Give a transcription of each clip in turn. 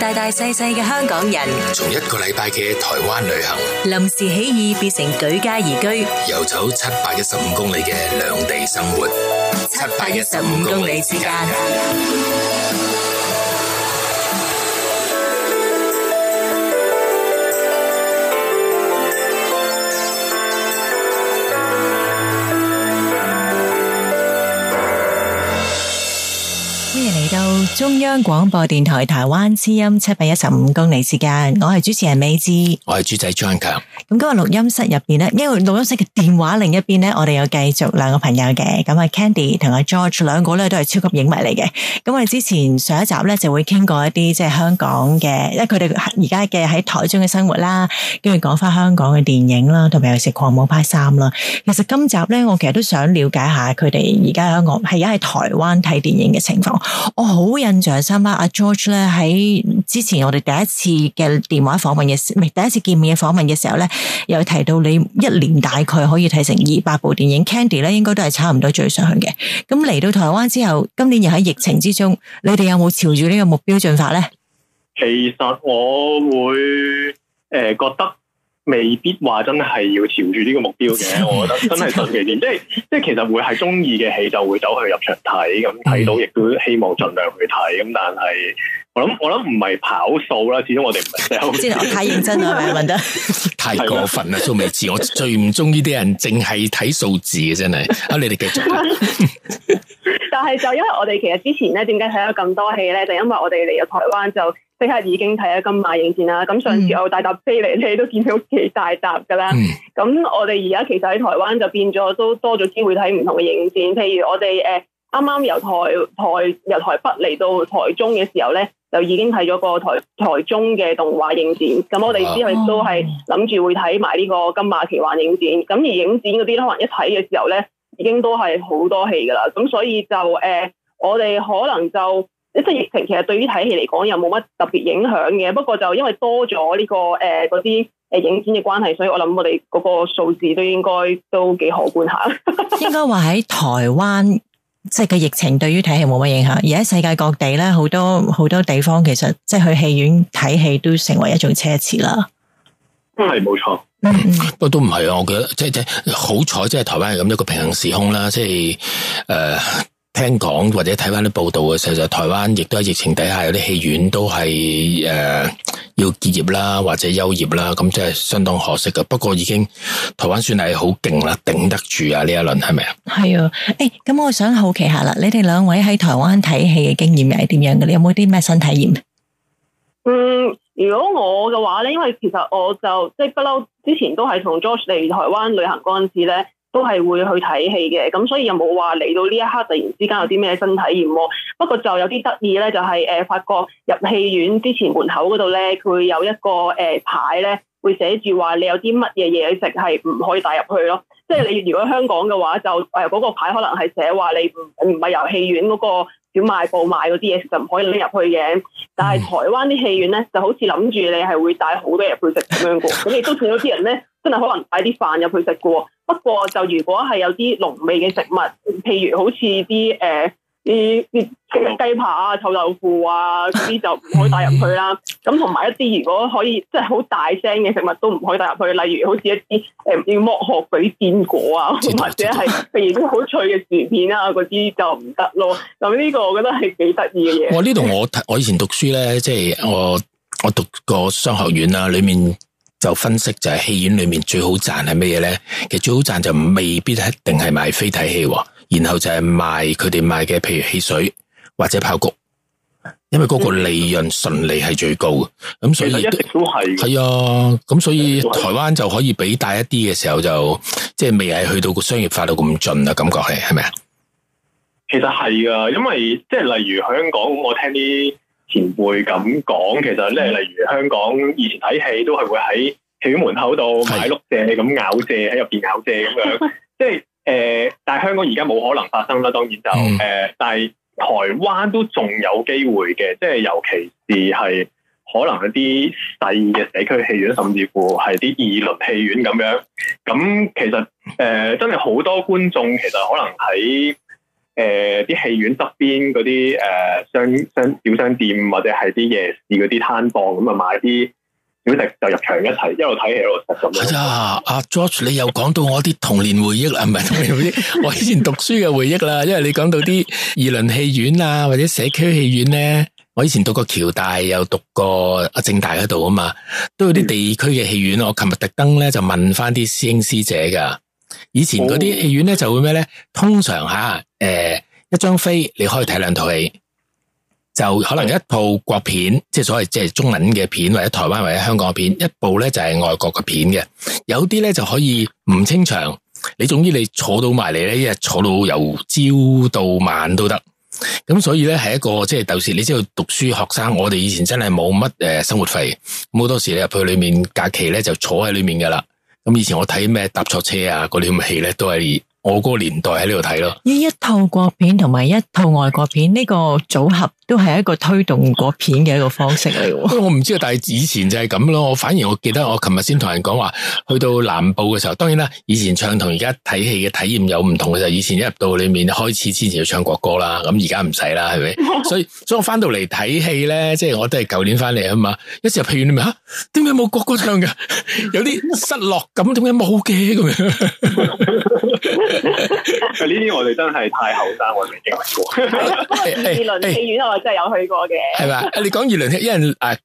大大細細嘅香港人，從一個禮拜嘅台灣旅行，臨時起意變成舉家移居，遊走七百一十五公里嘅兩地生活，七百一十五公里之間。歡迎嚟到中央廣播電台台，臺灣之音七百一十五公里時間，我係主持人美芝，我係主仔張強。咁嗰個錄音室入邊呢，因為錄音室嘅電話另一邊呢，我哋有繼續兩個朋友嘅，咁阿 Candy 同阿 George 兩個呢，都係超級影迷嚟嘅。咁我哋之前上一集呢，就會傾過一啲即係香港嘅，因為佢哋而家嘅喺台中嘅生活啦，跟住講翻香港嘅電影啦，同埋有時狂舞派三啦。其實今集呢，我其實都想了解下佢哋而家喺香港係而家喺臺灣睇電影嘅情況。我好印象深啦、啊，阿 George 咧喺之前我哋第一次嘅電話訪問嘅，唔係第一次見面嘅訪問嘅時候咧，又提到你一年大概可以睇成二百部電影，Candy 咧應該都係差唔多最上嘅。咁嚟到台灣之後，今年又喺疫情之中，你哋有冇朝住呢個目標進發咧？其實我會誒、呃、覺得。未必話真係要朝住呢個目標嘅， 我覺得真係神奇啲，即係即係其實會係中意嘅戲就會走去入場睇，咁睇到亦都希望盡量去睇，咁但係我諗我諗唔係跑數啦，始終我哋唔係我太認真啦，文得。太過分啦，都未知。我最唔中意啲人淨係睇數字嘅，真係啊！ 你哋繼續。 但係就因為我哋其實之前咧，點解睇咗咁多戲咧？就因為我哋嚟咗台灣就即刻已經睇咗金馬影展啦。咁、嗯、上次我大搭飛嚟，你都見到幾大搭噶啦。咁、嗯、我哋而家其實喺台灣就變咗都多咗機會睇唔同嘅影展。譬如我哋誒啱啱由台台由台北嚟到台中嘅時候咧，就已經睇咗個台台中嘅動畫影展。咁我哋之後都係諗住會睇埋呢個金馬奇幻影展。咁而影展嗰啲可能一睇嘅時候咧。已經都係好多戲噶啦，咁所以就誒、呃，我哋可能就即係疫情，其實對於睇戲嚟講又冇乜特別影響嘅。不過就因為多咗呢、這個誒嗰啲誒影片嘅關係，所以我諗我哋嗰個數字都應該都幾可觀下應該。應該話喺台灣，即係個疫情對於睇戲冇乜影響。而喺世界各地咧，好多好多地方其實即係、就是、去戲院睇戲都成為一種奢侈啦。係冇錯，錯 嗯、不過都唔係啊！我覺得即係即係好彩，即係台灣係咁一個平行時空啦。即係誒、呃，聽講或者睇返啲報道嘅時候，就台灣亦都喺疫情底下有啲戲院都係誒、呃、要結業啦，或者休業啦。咁即係相當可惜嘅。不過已經台灣算係好勁啦，頂得住是是啊！呢一輪係咪啊？係啊！誒，咁我想好奇下啦，你哋兩位喺台灣睇戲嘅經驗又係點樣嘅？你有冇啲咩新體驗？嗯。如果我嘅話咧，因為其實我就即係不嬲，就是、之前都係同 George 嚟台灣旅行嗰陣時咧，都係會去睇戲嘅。咁所以又冇話嚟到呢一刻突然之間有啲咩新體驗喎。不過就有啲得意咧，就係誒發覺入戲院之前門口嗰度咧，佢有一個誒、呃、牌咧，會寫住話你有啲乜嘢嘢食係唔可以帶入去咯。即、就、係、是、你如果香港嘅話就，就誒嗰個牌可能係寫話你唔唔係由戲院嗰、那個。小賣部買嗰啲嘢其實唔可以拎入去嘅，但係台灣啲戲院咧就好似諗住你係會帶好多嘢入去食咁樣嘅，咁亦都仲有啲人咧真係可能帶啲飯入去食嘅。不過就如果係有啲濃味嘅食物，譬如好似啲誒。呃啲啲雞扒啊、臭豆腐啊嗰啲就唔可以帶入去啦。咁同埋一啲如果可以即係好大聲嘅食物都唔可以帶入去，例如好似一啲誒要剝殼嗰啲堅果啊，或者係譬如啲好脆嘅薯片啊嗰啲就唔得咯。咁呢個我覺得係幾得意嘅嘢。我呢度我我以前讀書咧，即係 我我讀過商學院啦，裏面就分析就係戲院裏面最好賺係咩嘢咧？其實最好賺就未必一定係買飛睇戲。然後就係賣佢哋賣嘅，譬如汽水或者爆穀，因為嗰個利潤純利係最高嘅，咁所以一直都係係啊，咁所以台灣就可以比大一啲嘅時候就即係未係去到個商業化到咁盡啊，感覺係係咪啊？其實係噶，因為即係例如香港，我聽啲前輩咁講，其實咧例如香港以前睇戲都係會喺戲院門口度買碌蔗咁咬蔗，喺入邊咬蔗咁樣，即係誒。香港而家冇可能發生啦，當然就誒、呃，但係台灣都仲有機會嘅，即係尤其是係可能一啲細嘅社區戲院，甚至乎係啲二輪戲院咁樣。咁其實誒、呃，真係好多觀眾其實可能喺誒啲戲院側邊嗰啲誒商商小商店或者係啲夜市嗰啲攤檔咁啊買啲。就入場一齊，一路睇戲，一路執咁。係啊，阿 George，你又講到我啲童年回憶啦，唔係、 啊、童年回憶，我以前讀書嘅回憶啦。因為你講到啲二輪戲院啊，或者社區戲院咧，我以前讀過橋大，又讀過阿政大嗰度啊嘛，都有啲地區嘅戲院、嗯、我琴日特登咧就問翻啲師兄師姐噶，以前嗰啲戲院咧就會咩咧？通常吓，誒、啊呃、一張飛你可以睇兩套戲。就可能一套國片，即係所謂即係中文嘅片，或者台灣或者香港嘅片，一部咧就係外國嘅片嘅。有啲咧就可以唔清場，你總之你坐到埋嚟，咧，一日坐到由朝到晚都得。咁所以咧係一個即係，尤其是你知道讀書學生，我哋以前真係冇乜誒生活費，咁好多時你入去裏面假期咧就坐喺裏面噶啦。咁以前我睇咩搭錯車啊嗰啲咁嘅戲咧，都係我嗰個年代喺呢度睇咯。呢一套國片同埋一套外國片呢個組合。都係一個推動國片嘅一個方式嚟、嗯。我唔知啊，但係以前就係咁咯。我反而我記得我琴日先同人講話，去到南部嘅時候，當然啦，以前唱同而家睇戲嘅體驗有唔同嘅就，以前一入到裏面開始先至要唱國歌啦。咁而家唔使啦，係咪？所以，所以我翻到嚟睇戲咧，即係我都係舊年翻嚟啊嘛。一入戲院裏面，吓，點解冇國歌唱嘅？有啲失落感，點解冇嘅？咁樣。呢啲我哋真係太後生，我未經歷過。 不過二輪戲院 真係有去過嘅，係咪啊？你講二輪聽，一 人啊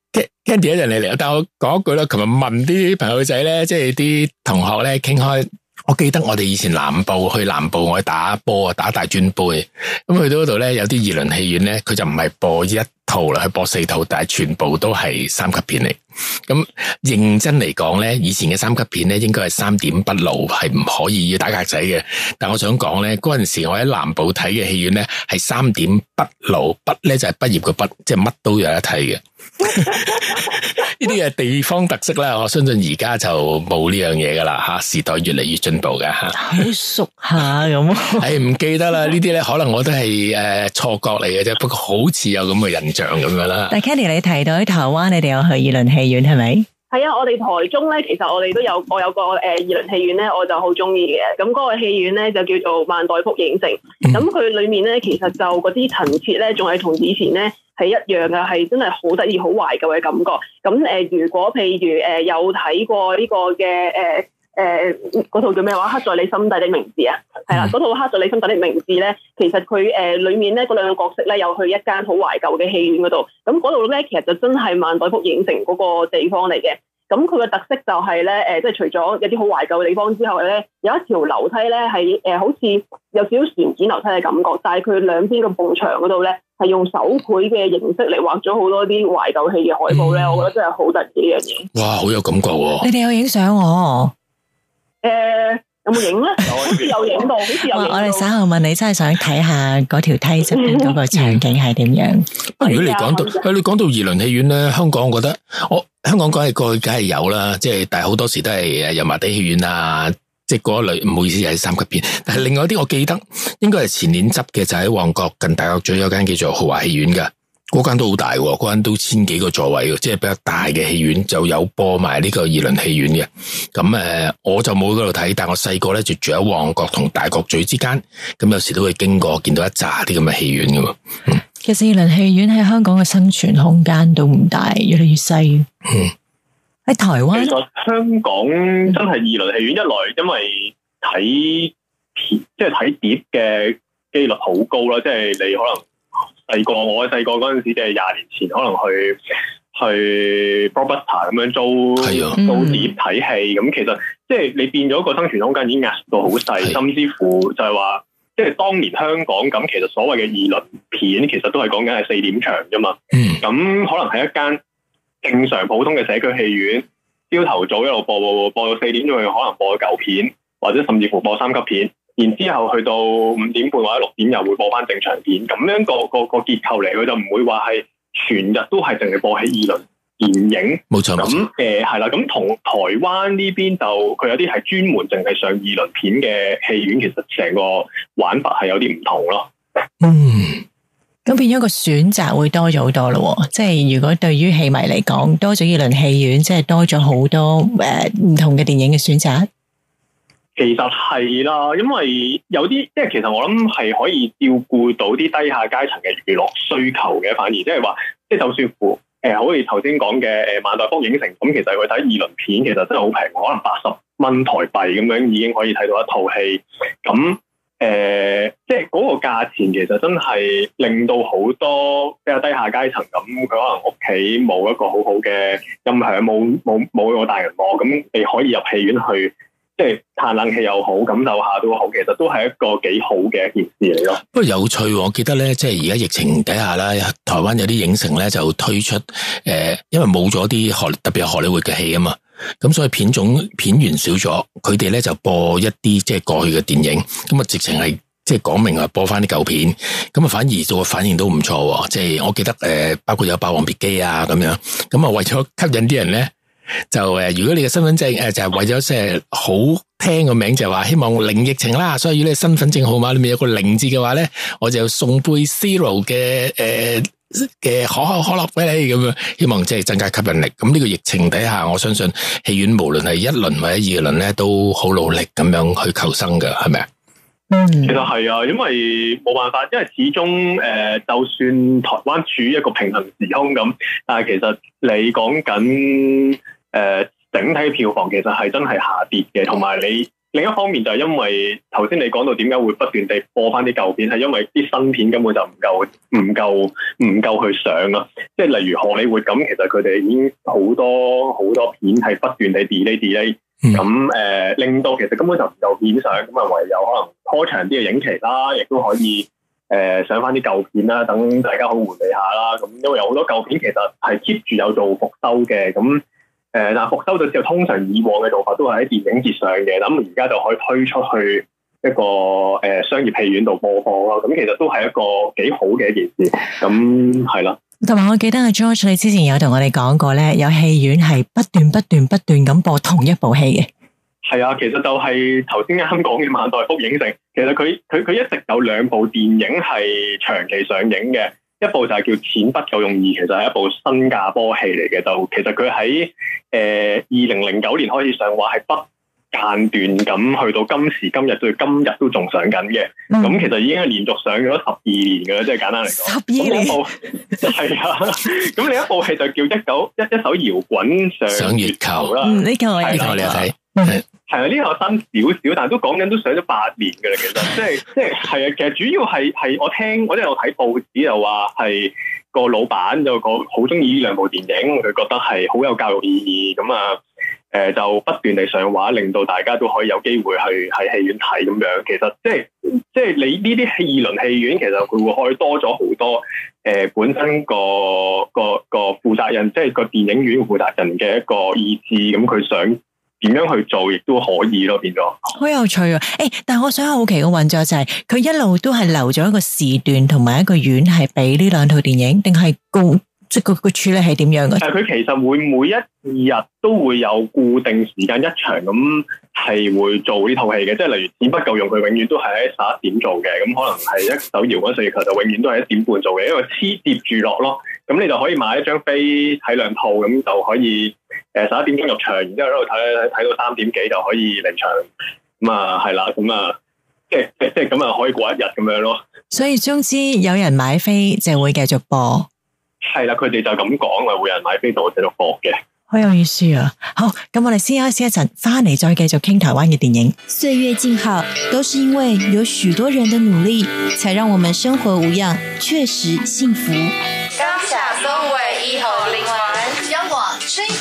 Candy 一人嚟嚟，但係我講一句啦，琴日問啲朋友仔咧，即係啲同學咧傾開。 我記得我哋以前南部去南部，我去打波啊，打大專盃。咁去到嗰度咧，有啲二輪戲院咧，佢就唔係播一套啦，去播四套，但係全部都係三級片嚟。咁認真嚟講咧，以前嘅三級片咧，應該係三點不露，係唔可以要打格仔嘅。但我想講咧，嗰陣時我喺南部睇嘅戲院咧，係三點畢露，畢咧就係畢業嘅畢，即係乜都有得睇嘅。呢啲係地方特色啦，我相信而家就冇呢樣嘢噶啦，吓時代越嚟越進步嘅吓，好熟下咁，誒唔記得啦，呢啲咧可能我都係誒錯覺嚟嘅啫，不過好似有咁嘅印象咁樣啦。但係 Kenny 你提到喺台灣，你哋有去二輪戲院係咪？係啊，我哋台中咧，其實我哋都有，我有個誒二輪戲院咧，我就好中意嘅。咁、那、嗰個戲院咧就叫做萬代福影城，咁佢裏面咧其實就嗰啲陳設咧，仲係同以前咧。係一樣嘅，係真係好得意、好懷舊嘅感覺。咁誒、呃，如果譬如誒、呃、有睇過呢個嘅誒誒嗰套叫咩話《刻在你心底的名字》啊，係啦、mm，嗰、hmm. 套《刻在你心底的名字》咧，其實佢誒、呃、裏面咧嗰兩個角色咧，又去一間好懷舊嘅戲院嗰度，咁嗰度咧其實就真係萬代福影城嗰個地方嚟嘅。咁佢嘅特色就係、是、咧，誒、呃，即係除咗有啲好懷舊嘅地方之外，咧，有一條樓梯、呃、有樓梯咧，係誒，好似有少少旋轉樓梯嘅感覺，但係佢兩邊嘅埲牆嗰度咧，係用手繪嘅形式嚟畫咗好多啲懷舊戲嘅海報咧，嗯、我覺得真係好得意一樣嘢。哇，好有感覺喎、啊！你哋有影相我？誒。Uh, 有冇影咧？ 好似有影到。好似有到。 我哋稍後問你，真係想睇下嗰條梯出邊嗰個場景係點、 嗯、樣？啊！ 如果你講到，啊 你講到二輪戲院咧，香港我覺得，我香港講係過去梗係有啦，即係但係好多時都係誒油麻地戲院啊，即係嗰一類。唔好意思，又係三級片。但係另外一啲，我記得應該係前年執嘅，就喺、是、旺角近大角咀有間叫做豪華戲院噶。嗰間都好大喎，嗰間都千幾個座位嘅，即係比較大嘅戲院，就有播埋呢個二輪戲院嘅。咁誒，我就冇喺度睇，但係我細個咧就住喺旺角同大角咀之間，咁有時都會經過，見到一紮啲咁嘅戲院嘅。嗯、其實二輪戲院喺香港嘅生存空間都唔大，越嚟越細。喺、嗯、台灣，其實香港真係二輪戲院一來，因為睇即係睇碟嘅幾率好高啦，即係你可能。細個，我喺細個嗰陣時，即係廿年前，可能去去 r o b d c a t 咁樣租到碟睇戲。咁 其實即係你變咗個生存空間已經壓縮到好細， 甚至乎就係話，即係當年香港咁，其實所謂嘅二輪片，其實都係講緊係四點場啫嘛。咁 可能喺一間正常普通嘅社區戲院，朝頭早一路播播，播到四點仲要可能播舊片，或者甚至乎播三級片。然之後去到五點半或者六點又會播翻正常片，咁樣、那個個個結構嚟，佢就唔會話係全日都係淨係播起二輪電影。冇錯，咁誒係啦，咁同冇錯、呃、台灣呢邊就佢有啲係專門淨係上二輪片嘅戲院，其實成個玩法係有啲唔同咯。嗯，咁變咗個選擇會多咗好多咯。即係如果對於戲迷嚟講，多咗二輪戲院，即係多咗好多誒唔、呃、同嘅電影嘅選擇。其實係啦、啊，因為有啲，即係其實我諗係可以照顧到啲低下階層嘅娛樂需求嘅，反而即係話，即係就算乎，誒、呃，好似頭先講嘅，誒，萬代福影城咁，其實佢睇二輪片，其實真係好平，可能八十蚊台幣咁樣已經可以睇到一套戲。咁，誒、呃，即係嗰個價錢，其實真係令到好多比較低下階層咁，佢可能屋企冇一個好好嘅音響，冇冇冇個大銀幕，咁你可以入戲院去。嘆冷氣又好，感受下都好，其實都係一個幾好嘅一件事嚟咯。不過有趣，我記得咧，即係而家疫情底下啦，台灣有啲影城咧就推出，誒，因為冇咗啲荷，特別係荷里活嘅戲啊嘛，咁所以片種片源少咗，佢哋咧就播一啲即係過去嘅電影，咁啊直情係即係講明啊，播翻啲舊片，咁啊反而個反應都唔錯，即係我記得誒，包括有《霸王別姬》啊咁樣，咁啊為咗吸引啲人咧。就誒，如果你嘅身份證誒就係為咗即係好聽嘅名，就話希望零疫情啦，所以如果你身份證號碼裏面有個零字嘅話咧，我就送杯 Zero 嘅誒嘅、呃、可口可樂俾你，咁樣希望即係增加吸引力。咁呢個疫情底下，我相信戲院無論係一輪或者二輪咧，都好努力咁樣去求生㗎，係咪啊？其實係啊，因為冇辦法，因為始終誒、呃，就算台灣處於一個平衡時空咁，但係其實你講緊誒整體票房其實係真係下跌嘅，同埋你另一方面就係因為頭先你講到點解會不斷地播翻啲舊片，係因為啲新片根本就唔夠，唔夠，唔夠去上啊！即係例如荷里活咁，其實佢哋已經好多好多片係不斷地 delay delay。咁誒、嗯呃、令到其實根本就唔夠片上，咁啊唯有可能拖長啲嘅影期啦，亦都可以誒上翻啲舊片啦，等大家好回味下啦。咁因為有好多舊片其實係 keep 住有做復修嘅，咁誒、呃、但係復修到之後，通常以往嘅做法都係喺電影節上嘅，咁而家就可以推出去一個誒、呃、商業戲院度播放咯。咁其實都係一個幾好嘅一件事，咁係咯。同埋，我記得阿 George，你之前有同我哋講過咧，有戲院係不斷不斷不斷咁播同一部戲嘅。係啊，其實就係頭先啱講嘅萬代福影城，其實佢佢佢一直有兩部電影係長期上映嘅，一部就係叫《錢不夠用二》，其實係一部新加坡戲嚟嘅。就其實佢喺誒二零零九年開始上畫，係不間斷咁去到今時今日，到今日都仲上緊嘅，咁、嗯、其實已經係連續上咗十二年噶啦，即係簡單嚟講。十二年。係啊，咁另一部戲就叫一九一一首搖滾上上月,月球啦。呢個我有睇，我哋有睇，係啊，呢個新少少，但係都講緊都上咗八年噶啦，其實即係即係係啊，其實主要係係我聽，我即係我睇報紙又話係個老闆又個好中意呢兩部電影，佢覺得係好有教育意義咁啊。誒，就不斷地上畫，令到大家都可以有機會去喺戲院睇咁樣。其實即係即係你呢啲二輪戲院，其實佢會開多咗好多。誒、呃，本身個個個負責人，即係個電影院負責人嘅一個意志，咁、嗯、佢想點樣去做，亦都可以咯。變咗好有趣啊、哦！誒、欸，但係我想好奇嘅運作就係、是，佢一路都係留咗一個時段同埋一個院，係俾呢兩套電影，定係公？即係佢個處理係點樣嘅？但係佢其實會每一日都會有固定時間一場咁係會做呢套戲嘅，即係例如錢不夠用，佢永遠都係喺十一點做嘅。咁可能係一首搖滾上月球就永遠都係一點半做嘅，因為黐疊住落咯。咁你就可以買一張飛睇兩套，咁就可以誒十一點鐘入場，然之後喺度睇睇到三點幾就可以離場。咁啊係啦，咁啊即係即係咁啊可以過一日咁樣咯。所以總之有人買飛就會繼續播。係啦，佢哋就咁講，咪會有人買飛到我哋度播嘅。好有意思啊！好， 咁我哋先休息一陣，翻嚟再繼續傾台灣嘅電影。歲月靜好，都是因為有許多人的努力，才讓我們生活無恙，確實幸福。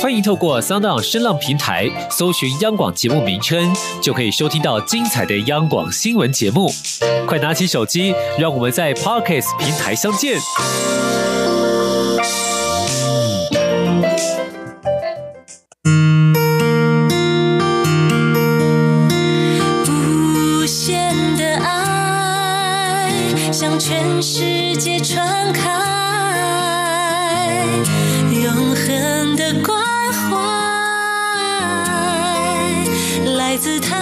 歡迎透過 SoundOn 聲浪平台搜尋央廣節目名稱，就可以收聽到精彩的央廣新聞節目。快拿起手機，讓我們在 Podcast 平台相見。無限、嗯、的愛，像全世來自台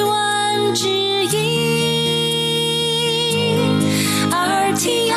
灣之音 RTI。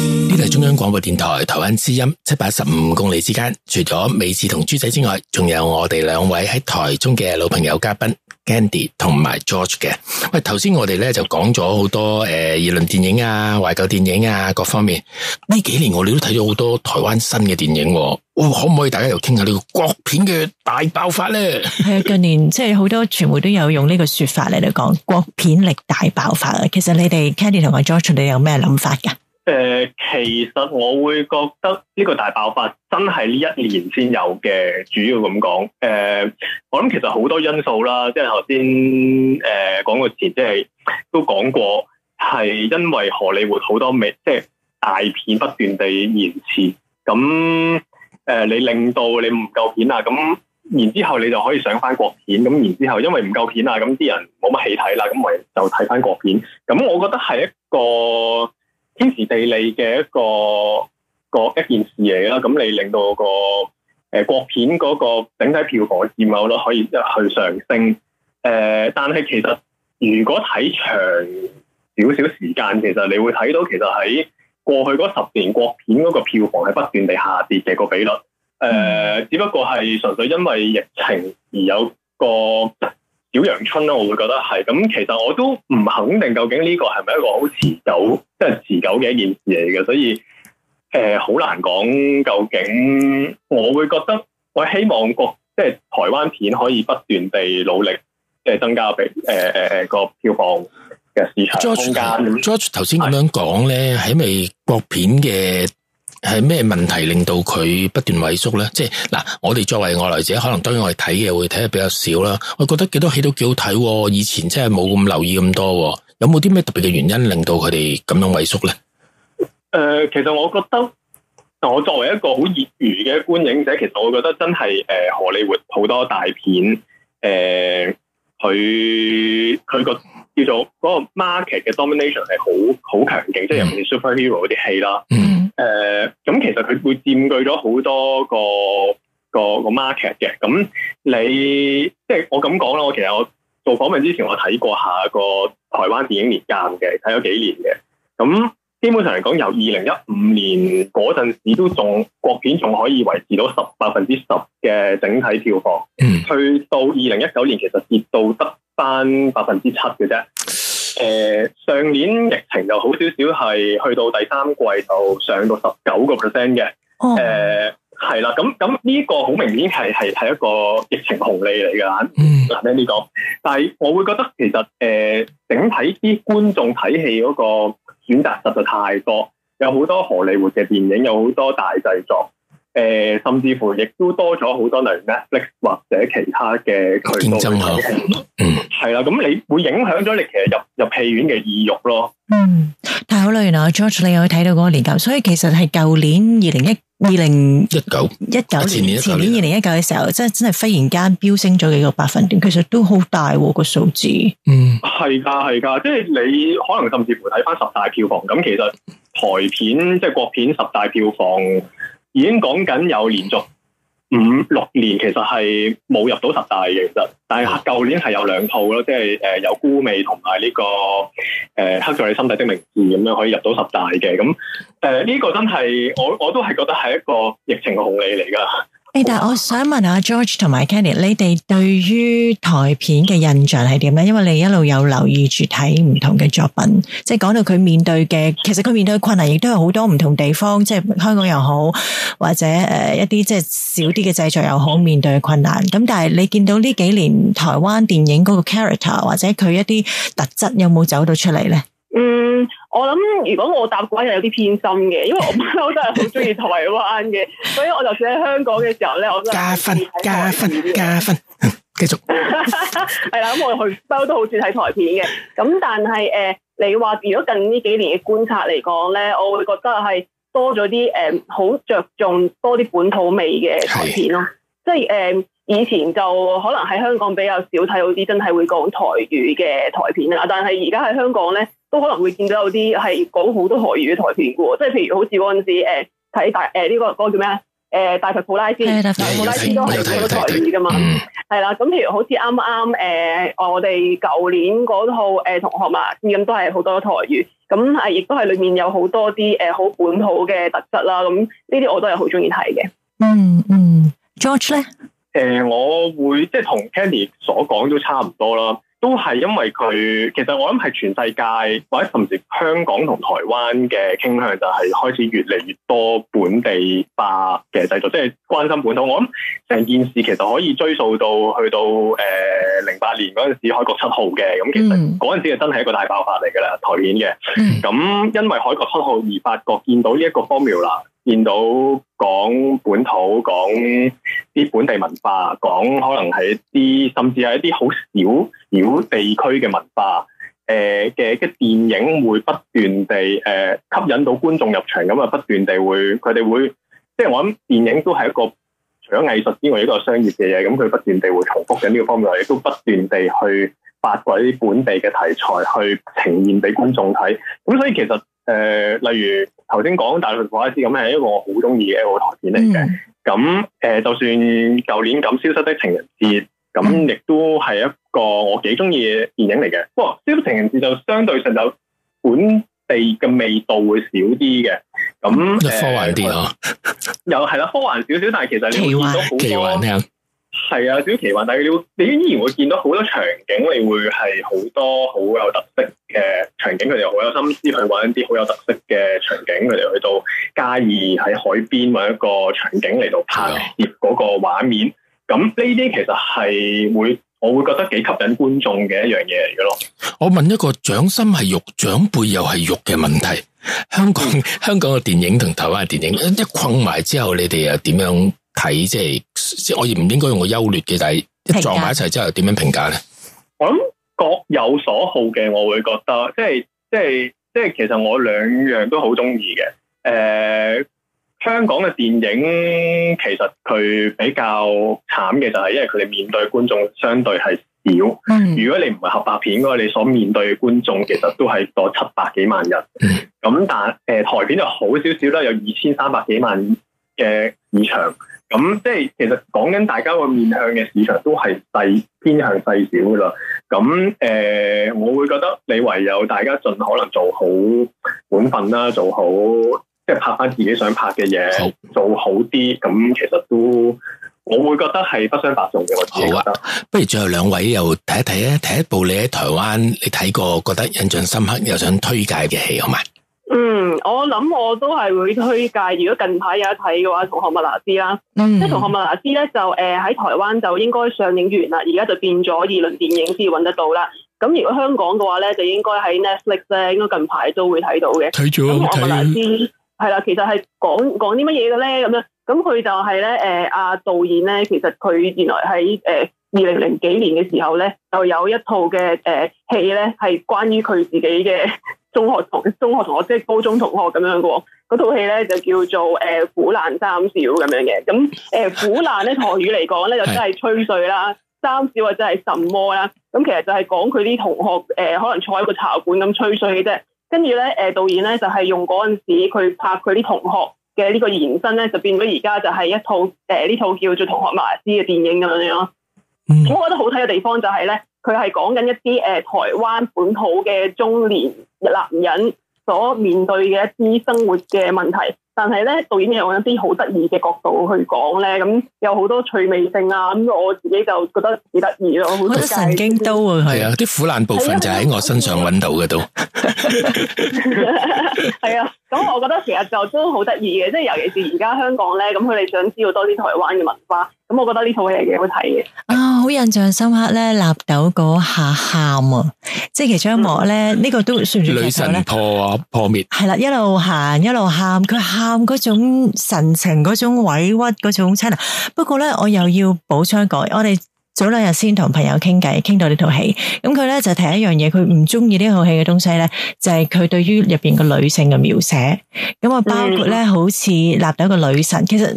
呢度係中央廣播電台台灣之音七百一十五公里之間，除咗美智同豬仔之外，仲有我哋兩位喺台中嘅老朋友嘉賓。Candy 同埋 George 嘅，喂，頭先我哋咧就講咗好多誒，二、呃、輪電影啊，懷舊電影啊，各方面呢幾年我哋都睇咗好多台灣新嘅電影、啊哦，可唔可以大家又傾下呢個國片嘅大爆發咧？係 啊，近年即係好多傳媒都有用呢個說法嚟嚟講國片力大爆發啊！其實你哋 Candy 同埋 George，你有咩諗法嘅？誒、呃，其實我會覺得呢個大爆發真係呢一年先有嘅，主要咁講。誒、呃，我諗其實好多因素啦，即係頭先誒講個詞，即係都講過，係因為荷里活好多美，即係大片不斷地延遲，咁誒你令到你唔夠片啊，咁然之後你就可以上翻國片，咁然之後因為唔夠片啊，咁啲人冇乜戲睇啦，咁我就睇翻國片。咁我覺得係一個。天時地利嘅一個一個一件事嚟啦，咁你令到、個誒、呃、國片嗰個整體票房嘅佔有率可以去上升。誒、呃，但係其實如果睇長少少時間，其實你會睇到其實喺過去嗰十年國片嗰個票房係不斷地下跌嘅個比率。誒、呃，只不過係純粹因為疫情而有個小陽春咯，我會覺得係咁，其實我都唔肯定究竟呢個係咪一個好持久、即係持久嘅一件事嚟嘅，所以誒好、呃、難講究竟。我會覺得，我希望國即係台灣片可以不斷地努力，即係增加俾誒誒誒個票房嘅市場空間。George 頭先咁樣講咧，係咪國片嘅？係咩問題令到佢不斷萎縮咧？即係嗱，我哋作為外來者，可能當然我哋睇嘅會睇得比較少啦。我覺得幾多戲都幾好睇，以前真係冇咁留意咁多，有冇啲咩特別嘅原因令到佢哋咁樣萎縮咧？誒、呃，其實我覺得，我作為一個好業餘嘅觀影者，其實我覺得真係誒，荷、呃、里活好多大片，誒、呃，佢佢、個叫做嗰個 market 嘅 domination 係好好強勁，即係入、嗯、面 superhero 嗰啲戲啦。嗯誒，咁、呃、其實佢會佔據咗好多個個個 market 嘅。咁你即係、就是、我咁講啦。我其實我做訪問之前，我睇過下個台灣電影年鑑嘅，睇咗幾年嘅。咁基本上嚟講，由二零一五年嗰陣時都仲國片仲可以維持到十百分之十嘅整體票房，嗯、去到二零一九年其實跌到得返百分之七嘅啫。誒、呃，上年疫情就好少少，係去到第三季就上到十九，oh. 呃、個 percent 嘅。誒，係啦，咁咁呢個好明顯係係係一個疫情紅利嚟噶。嗯，嗱，聽呢個，但係我會覺得其實誒、呃，整體啲觀眾睇戲嗰個選擇實在太多，有好多荷里活嘅電影，有好多大製作。誒、呃，甚至乎亦都多咗好多，例如 Netflix 或者其他嘅渠道，競爭吓，嗯，係啦。咁你會影響咗你其實入入戲院嘅意欲咯。嗯，太好啦！原來 George 你又睇到嗰個年鑑，所以其實係舊年二零一二零一九一九前年，年前年二零一九嘅時候，真真係忽然間飆升咗幾個百分點，其實都好大個、啊、數字。嗯，係噶係噶，即係你可能甚至乎睇返十大票房咁，其實台片即係國片十大票房已經講緊有連續五六年其實係冇入到十大嘅，其實但係舊年係有兩套咯，即係誒有孤味同埋呢個誒刻在你心底的名字咁樣可以入到十大嘅，咁誒呢個真係我我都係覺得係一個疫情嘅紅利嚟噶。Hey, 但係我想問阿 George 同埋 Candy 你哋對於台片嘅印象係點咧？因為你一路有留意住睇唔同嘅作品，即係講到佢面對嘅，其實佢面對嘅困難亦都有好多唔同地方，即係香港又好，或者誒、呃、一啲即係少啲嘅製作又好，面對嘅困難。咁但係你見到呢幾年台灣電影嗰個 character 或者佢一啲特質有冇走到出嚟咧？嗯。我諗如果我答嘅話，有啲偏心嘅，因為我不嬲都係好中意台灣嘅， 所以我就算喺香港嘅時候咧，我都加分加分加分，繼、嗯、續係啦。咁 我去不嬲都好中意睇台片嘅，咁但係誒、呃，你話如果近呢幾年嘅觀察嚟講咧，我會覺得係多咗啲誒，好、呃、着重多啲本土味嘅台片咯，的即係誒。呃以前就可能喺香港比較少睇到啲真係會講台語嘅台片啦，但係而家喺香港咧都可能會見到有啲係講好多台語嘅台片嘅，即係譬如好似嗰陣時誒睇、呃、大誒呢、呃這個個叫咩啊？誒、呃、《大佛普拉斯》，《大佛普拉斯都》都係好多台語噶嘛，係啦、嗯。咁譬如好似啱啱誒我哋舊年嗰套誒同學嘛，咁、嗯嗯、都係好多台語，咁係亦都係裏面有好多啲誒好本土嘅特質啦。咁呢啲我都係好中意睇嘅。嗯嗯，George 咧？誒、呃，我會即係同 Kenny 所講都差唔多啦，都係因為佢其實我諗係全世界或者甚至香港同台灣嘅傾向就係開始越嚟越多本地化嘅製作，即係關心本土。我諗成件事其實可以追溯到去到誒零八年嗰陣時，海角七號嘅，咁，其實嗰陣、嗯、時係真係一個大爆發嚟噶啦台片嘅。咁、嗯、因為海角七號而發覺見到呢一個 Formula 見到講，本土講啲本地文化，講可能係一啲，甚至係一啲好少少地區嘅文化，誒嘅嘅電影會不斷地誒、呃、吸引到觀眾入場，咁啊不斷地會，佢哋會，即係我諗電影都係一個除咗藝術之外一個商業嘅嘢，咁佢不斷地會重複緊呢個方面，亦都不斷地去發掘啲本地嘅題材去呈現俾觀眾睇，咁所以其實誒、呃，例如。頭先講《大頭怪師》咁係一個我好中意嘅一個台片嚟嘅、嗯，咁誒，就算舊年咁《消失的情人節》嗯，咁亦都係一個我幾中意嘅電影嚟嘅。不過《消失的情人節》就相對上就本地嘅味道會少啲嘅，咁科幻啲嗬、啊。 又係啦，科幻少少，但係其實你會見到好多，係啊，少奇，奇幻，但係你你依然會見到好多場景，你會係好多好有特色嘅場景，佢哋好有心思去搵啲好有特色嘅。咁佢哋去到嘉義喺海邊，或一個場景嚟到拍嗰個畫面。咁呢啲其實係會，我會覺得幾吸引觀眾嘅一樣嘢嚟嘅咯。我問一個掌心係肉，長輩又係肉嘅問題。香港香港嘅電影同台灣嘅電影，嗯、一困埋之後，你哋又點樣睇？即係即係，我亦唔應該用個優劣嘅，但係一撞埋一齊之後，點樣評價咧？我諗各有所好嘅，我會覺得即係即係。即係其實我兩樣都好中意嘅，誒、呃，香港嘅電影其實佢比較慘嘅就係，因為佢哋面對觀眾相對係少。嗯、如果你唔係合拍片嘅話，你所面對嘅觀眾其實都係個七百幾萬人。咁、嗯、但係誒、呃、台片就好少少啦，有二千三百幾萬嘅市場。咁即係其實講緊大家個面向嘅市場都係細偏向細小噶啦，咁誒、呃、我會覺得你唯有大家盡可能做好本分啦，做好即係拍翻自己想拍嘅嘢，好做好啲，咁其實都我會覺得係不相伯仲嘅。好啊，不如最後兩位又睇一睇咧，睇一部你喺台灣你睇過覺得印象深刻又想推介嘅戲，好嘛？嗯，我諗我都係會推介。如果近排有得睇嘅話，《同學麥娜絲》啦，即係、嗯《同學麥娜絲》咧就誒喺、呃、台灣就應該上映完啦，而家就變咗二輪電影先揾得到啦。咁如果香港嘅話咧，就應該喺 Netflix 啫，應該近排都會睇到嘅。睇咗了《同學麥娜絲》了？係啦，其實係講講啲乜嘢嘅咧？咁樣咁佢就係咧誒，阿、呃、導演咧，其實佢原來喺誒二零零幾年嘅時候咧，就有一套嘅誒戲咧，係、呃、關於佢自己嘅。中學同中學同學即係高中同學咁樣嘅，嗰套戲咧就叫做誒唬、呃、爛三小咁樣嘅。咁誒唬爛咧台語嚟講咧就真係吹水啦，三小或者係神魔啦。咁其實就係講佢啲同學誒、呃、可能坐喺個茶館咁吹水嘅啫。跟住咧誒導演咧就係、是、用嗰陣時佢拍佢啲同學嘅呢個延伸咧就變咗而家就係一套誒呢套叫做同學麻吉嘅電影咁樣樣。我覺得好睇嘅地方就係咧，佢係講緊一啲誒台灣本土嘅中年男人所面對嘅一啲生活嘅問題。但係咧，導演又用一啲好得意嘅角度去講咧，咁有好多趣味性啊！咁我自己就覺得幾得意咯，好多神經刀係啊，啲苦難部分就喺我身上揾到嘅都係啊！咁我覺得其實就都好得意嘅，即係尤其是而家香港咧，咁佢哋想知道多啲台灣嘅文化，咁我覺得呢套戲係幾好睇嘅啊！好印象深刻咧，納豆嗰下喊啊，即係其中一幕咧，呢個都算女神破破滅係啦，一路行一路喊，佢喊。喊嗰種神情，嗰種委屈，嗰種親啊！不過咧，我又要補充一句，我哋，早兩日先同朋友傾偈，傾到呢套戲，咁佢咧就提一樣嘢，佢唔中意呢套戲嘅東西咧，就係佢對於入邊個女性嘅描寫，咁啊包括咧好似納豆個女神，其實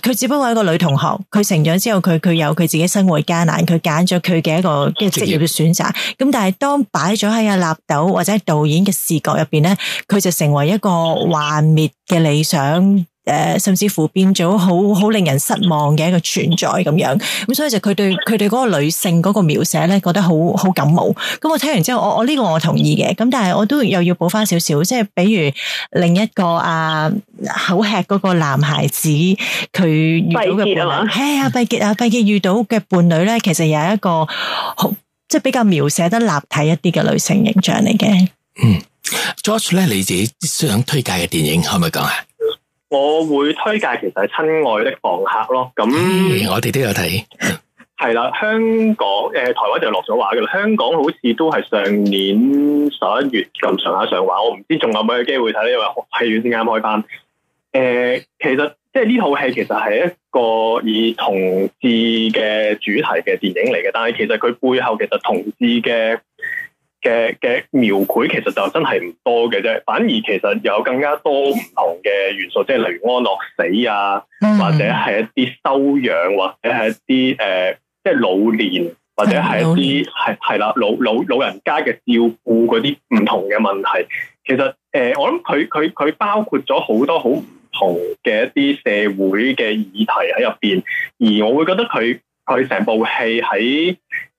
佢只不過係一個女同學，佢成長之後佢佢有佢自己生活艱難，佢揀咗佢嘅一個即係職業嘅選擇，咁但係當擺咗喺阿納豆或者導演嘅視覺入邊咧，佢就成為一個幻滅嘅理想。誒，甚至乎變咗好好令人失望嘅一個存在咁樣，咁所以就佢對佢對嗰個女性嗰個描寫咧，覺得好好感冒。咁我睇完之後，我我呢個我同意嘅，咁但係我都又要補翻少少，即係比如另一個啊，口吃嗰個男孩子佢遇到嘅伴侶，係啊，畢傑啊，畢傑遇到嘅伴侶咧，其實有一個好即係比較描寫得立體一啲嘅女性形象嚟嘅。嗯，George 咧，你自己想推介嘅電影可唔可以講啊？我會推介其實係親愛的房客咯，咁、嗯、我哋都有睇。係啦，香港誒、呃，台灣就落咗畫噶啦。香港好似都係上年十一月咁上下上畫，我唔知仲有冇嘅機會睇呢？因為戲院先啱開翻。誒、呃，其實即係呢套戲其實係一個以同志嘅主題嘅電影嚟嘅，但係其實佢背後其實同志嘅。嘅嘅描繪其實就真係唔多嘅啫，反而其實有更加多唔同嘅元素，即係例如安樂死啊，嗯、或者係一啲收養，或者係一啲誒，即、呃、係、就是、老年，或者係一啲係係啦老老老人家嘅照顧嗰啲唔同嘅問題。其實誒、呃，我諗佢佢佢包括咗好多好唔同嘅一啲社會嘅議題喺入邊，而我會覺得佢佢成部戲喺。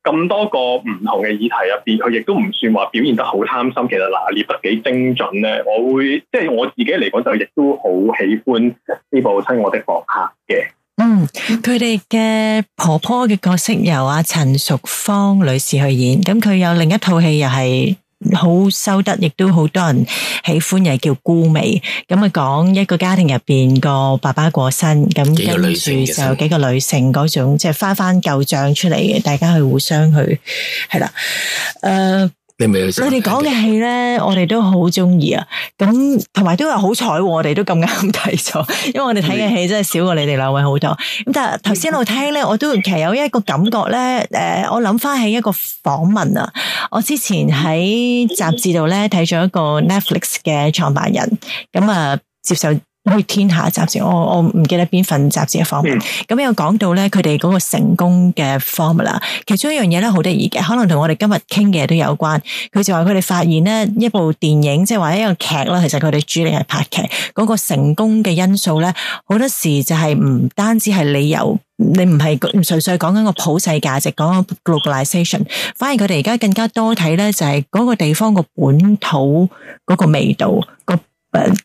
咁多個唔同嘅議題入邊，佢亦都唔算話表現得好貪心。其實嗱，列得幾精準咧，我會即係、就是、我自己嚟講，就亦都好喜歡呢部《親愛的房客》嘅。嗯，佢哋嘅婆婆嘅角色由阿陳淑芳女士去演。咁佢有另一套戲又係。好收得，亦都好多人喜歡，係叫孤味咁啊！講一個家庭入邊個爸爸過身，咁跟住就幾個女性嗰種，即係翻翻舊賬出嚟嘅，大家去互相去係啦，誒。Uh, 你哋講嘅戲咧，我哋都好中意啊！咁同埋都有好彩，我哋都咁啱睇咗，因為我哋睇嘅戲真係少過你哋兩位好多。咁但係頭先我聽咧，我都其實有一個感覺咧，誒、呃，我諗翻起一個訪問啊，我之前喺雜誌度咧睇咗一個 Netflix 嘅創辦人，咁啊接受。去《天下》雜誌，我我唔記得邊份雜誌嘅方面，咁又講到咧，佢哋嗰個成功嘅 formula，其中一樣嘢咧好得意嘅，可能同我哋今日傾嘅都有關。佢就話佢哋發現呢一部電影即係話一個劇啦，其實佢哋主力係拍劇，嗰個成功嘅因素咧，好多時就係唔單止係理由，你唔係純粹講緊個普世價值，講個 globalization，反而佢哋而家更加多睇咧就係嗰個地方個本土嗰個味道個。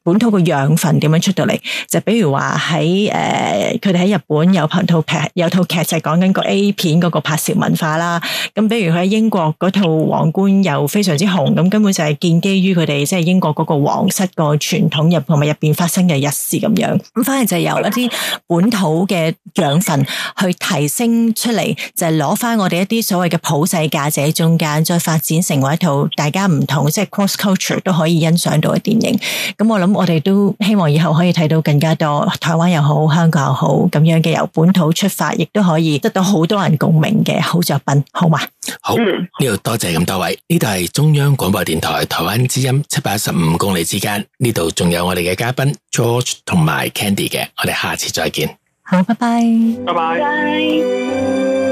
本土個養分點樣出到嚟？就比如話喺誒，佢哋喺日本有拍套劇，有套劇就係講緊個 A 片嗰個拍攝文化啦。咁比如佢喺英國嗰套皇冠又非常之紅，咁根本就係建基於佢哋即係英國嗰個皇室個傳統入同埋入邊發生嘅日事咁樣。咁反而就由一啲本土嘅養分去提升出嚟，就係攞翻我哋一啲所謂嘅普世價值喺中間，再發展成為一套大家唔同即係、就是、cross culture 都可以欣賞到嘅電影。咁我諗我哋都希望以後可以睇到更加多台灣又好香港又好咁樣嘅由本土出發，亦都可以得到好多人共鳴嘅好作品，好嗎？好，呢度多謝咁多位，呢度係中央廣播電台台灣之音七百一十五公里之間，呢度仲有我哋嘅嘉賓 George 同埋 Candy 嘅，我哋下次再見。好，拜拜，拜拜。